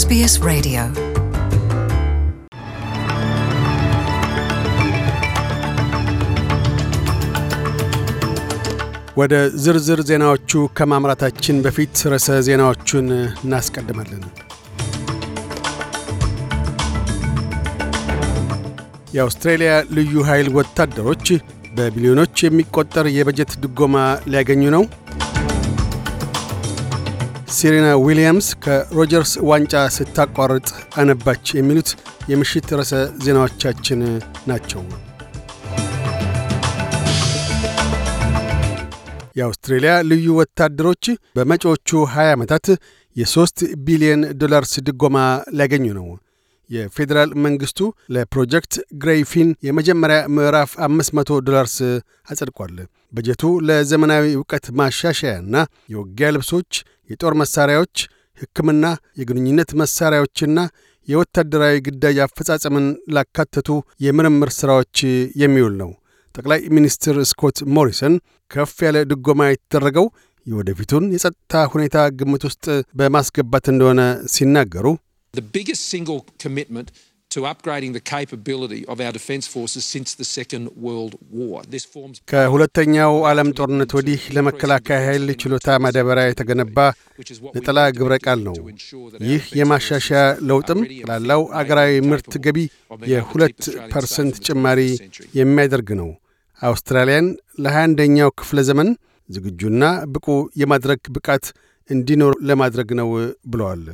SBS ሬዲዮ ወደ ዝርዝር ዜናዎቹ ከማምራታችን በፊት ርዕሰ ዜናዎቹን እናስቀድማለን። የአውስትሬልያ ልዩ ኃይል ወታደሮች በቢሊዮኖች የሚቆጠር የበጀት ድጎማ ሊያገኙ ነው። ሴሪና ዊሊያምስ ከሮጀርስ ዋንጫ ስታቋርጥ አነባች የሚሉት የምሽት ርዕሰ ዜናዎቻችን ናቸው። የአውስትሬልያ ልዩ ወታደሮች በመጪዎቹ 20 ዓመታት የ3 ቢሊዮን ዶላርስ ድጎማ ሊያገኙ ነው። የፌዴራል መንግስቱ ለፕሮጀክት ግሬይፊን የመጀመሪያ ምዕራፍ 500 ዶላርስ አጸድቋል። በጀቱ ለዘመናዊ ዕውቀት ማሻሻያና የውጊያ ልብሶች፣ የጦር መሣሪያዎች፣ ሕክምና፣ የግንኙነት መሣሪያዎችና የወታደራዊ ግዳጅ አፈጻጸምን ላካተቱ የምርምር ሥራዎች የሚውል ነው። ጠቅላይ ሚኒስትር ስኮት ሞሪሰን ከፍ ያለ ድጎማ የተደረገው የወደፊቱን የጸጥታ ሁኔታ ግምት ውስጥ በማስገባት እንደሆነ ሲናገሩ the biggest single commitment ከሁለተኛው ዓለም ጦርነት ወዲህ ለመከላከያ ኃይል ችሎታ ማዳበሪያ የተገነባ ነጠላ ግብረ ቃል ነው። ይህ የማሻሻያ ለውጥም ላለው አገራዊ ምርት ገቢ የሁለት ፐርሰንት ጭማሪ የሚያደርግ ነው። አውስትራሊያን ለ21ኛው ክፍለ ዘመን ዝግጁና ብቁ የማድረግ ብቃት እንዲኖር ለማድረግ ነው ብለዋል።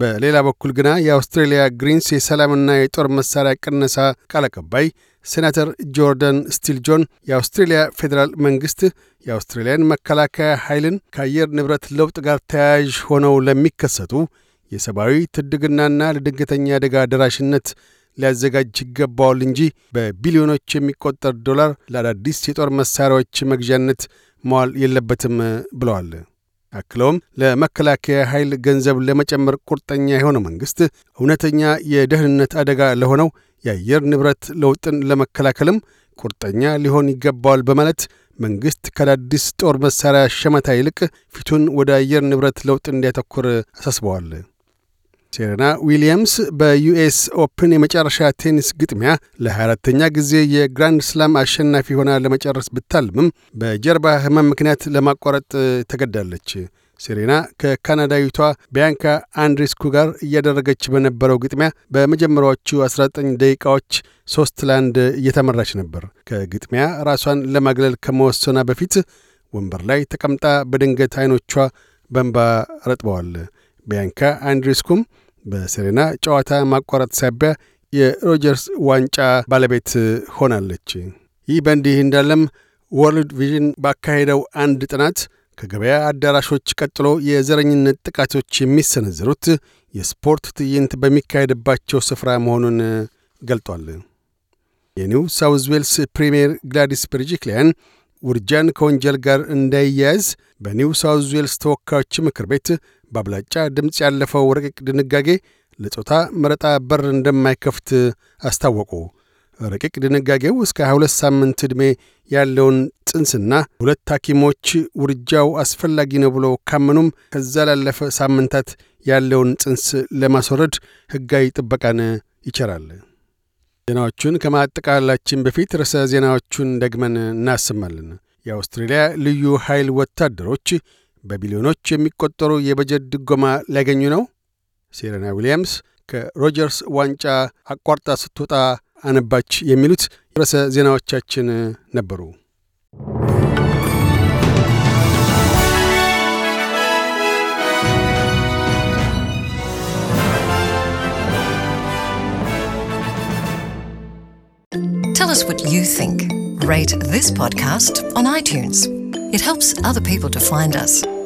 በሌላ በኩል ግና የአውስትሬልያ ግሪንስ የሰላምና የጦር መሳሪያ ቅነሳ ቃል አቀባይ ሴናተር ጆርዳን ስቲል ጆን የአውስትሬልያ ፌዴራል መንግሥት የአውስትሬልያን መከላከያ ኃይልን ከአየር ንብረት ለውጥ ጋር ተያያዥ ሆነው ለሚከሰቱ የሰብአዊ ትድግናና ለድንገተኛ አደጋ ደራሽነት ሊያዘጋጅ ይገባዋል እንጂ በቢሊዮኖች የሚቆጠር ዶላር ለአዳዲስ የጦር መሣሪያዎች መግዣነት መዋል የለበትም ብለዋል። አክለውም ለመከላከያ ኃይል ገንዘብ ለመጨመር ቁርጠኛ የሆነው መንግሥት እውነተኛ የደህንነት አደጋ ለሆነው የአየር ንብረት ለውጥን ለመከላከልም ቁርጠኛ ሊሆን ይገባዋል በማለት መንግሥት ከአዳዲስ ጦር መሣሪያ ሸመታ ይልቅ ፊቱን ወደ አየር ንብረት ለውጥ እንዲያተኩር አሳስበዋል። ሴሬና ዊሊያምስ በዩኤስ ኦፕን የመጨረሻ ቴኒስ ግጥሚያ ለ24ተኛ ጊዜ የግራንድ ስላም አሸናፊ ሆና ለመጨረስ ብታልምም በጀርባ ህመም ምክንያት ለማቋረጥ ተገዳለች። ሴሬና ከካናዳዊቷ ቢያንካ አንድሪስኩ ጋር እያደረገች በነበረው ግጥሚያ በመጀመሪያዎቹ 19 ደቂቃዎች ሶስት ለአንድ እየተመራች ነበር። ከግጥሚያ ራሷን ለማግለል ከመወሰኗ በፊት ወንበር ላይ ተቀምጣ በድንገት አይኖቿ በንባ ረጥበዋል። ቢያንካ አንድሪስኩም በሴሬና ጨዋታ ማቋረጥ ሳቢያ የሮጀርስ ዋንጫ ባለቤት ሆናለች። ይህ በእንዲህ እንዳለም ወርልድ ቪዥን ባካሄደው አንድ ጥናት ከገበያ አዳራሾች ቀጥሎ የዘረኝነት ጥቃቶች የሚሰነዘሩት የስፖርት ትዕይንት በሚካሄድባቸው ስፍራ መሆኑን ገልጧል። የኒው ሳውዝ ዌልስ ፕሪምየር ግላዲስ በርጂክሊያን ውርጃን ከወንጀል ጋር እንዳያያዝ በኒው ሳውዝ ዌልስ ተወካዮች ምክር ቤት በአብላጫ ድምፅ ያለፈው ረቂቅ ድንጋጌ ለጾታ መረጣ በር እንደማይከፍት አስታወቁ። ረቂቅ ድንጋጌው እስከ 22 ሳምንት ዕድሜ ያለውን ጽንስና ሁለት ሐኪሞች ውርጃው አስፈላጊ ነው ብሎ ካመኑም ከዛ ላለፈ ሳምንታት ያለውን ጽንስ ለማስወረድ ሕጋዊ ጥበቃን ይቸራል። ዜናዎቹን ከማጠቃላችን በፊት ርዕሰ ዜናዎቹን ደግመን እናሰማለን። የአውስትሬልያ ልዩ ኃይል ወታደሮች በቢሊዮኖች የሚቆጠሩ የበጀት ድጎማ ሊያገኙ ነው። ሴሬና ዊልያምስ ከሮጀርስ ዋንጫ አቋርጣ ስትወጣ አነባች። የሚሉት ርዕሰ ዜናዎቻችን ነበሩ። Tell us what you think. Rate this podcast on iTunes. It helps other people to find us.